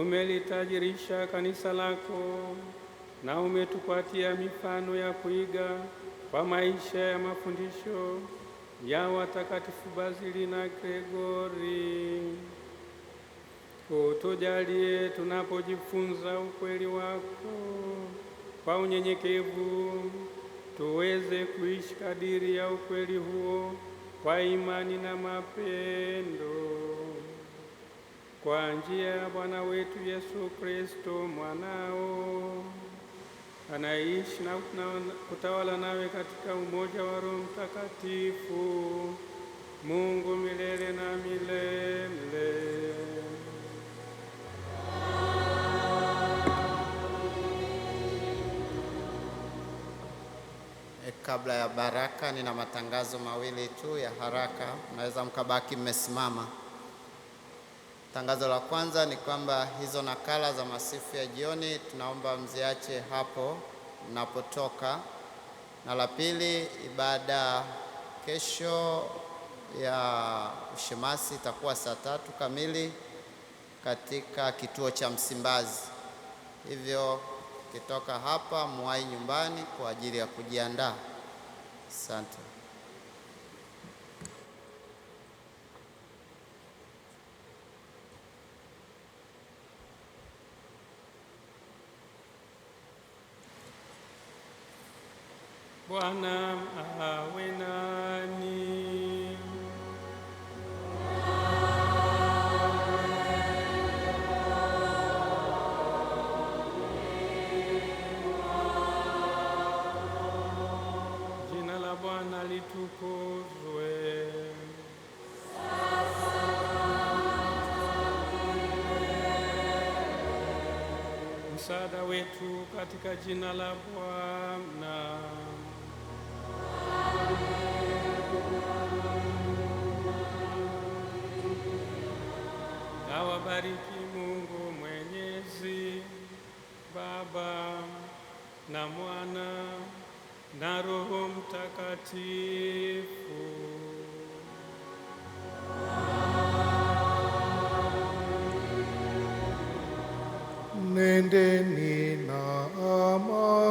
umelitajirisha kanisa lako na umetupatia mifano ya kuiga kwa maisha ya mafundisho ya watakatifu Bazili na Gregori. Utujalie tunapojifunza ukweli wako kwa unyenyekevu, tuweze kuishi kadiri ya ukweli huo kwa imani na mapendo kwa njia ya Bwana wetu Yesu Kristo mwanao, anaishi na kutawala nawe katika umoja wa Roho Mtakatifu, Mungu milele na milele. E, kabla ya baraka, nina matangazo mawili tu ya haraka, mnaweza mkabaki mmesimama. Tangazo la kwanza ni kwamba hizo nakala za masifu ya jioni tunaomba mziache hapo mnapotoka, na la pili, ibada kesho ya ushemasi itakuwa saa tatu kamili katika kituo cha Msimbazi, hivyo ukitoka hapa mwai nyumbani kwa ajili ya kujiandaa. Asante. Bwana awe nani. Jina la Bwana litukuzwe. Msaada wetu katika jina la Bwana. Nawabariki Mungu Mwenyezi, Baba na Mwana na Roho Mtakatifu. Nendeni na amani.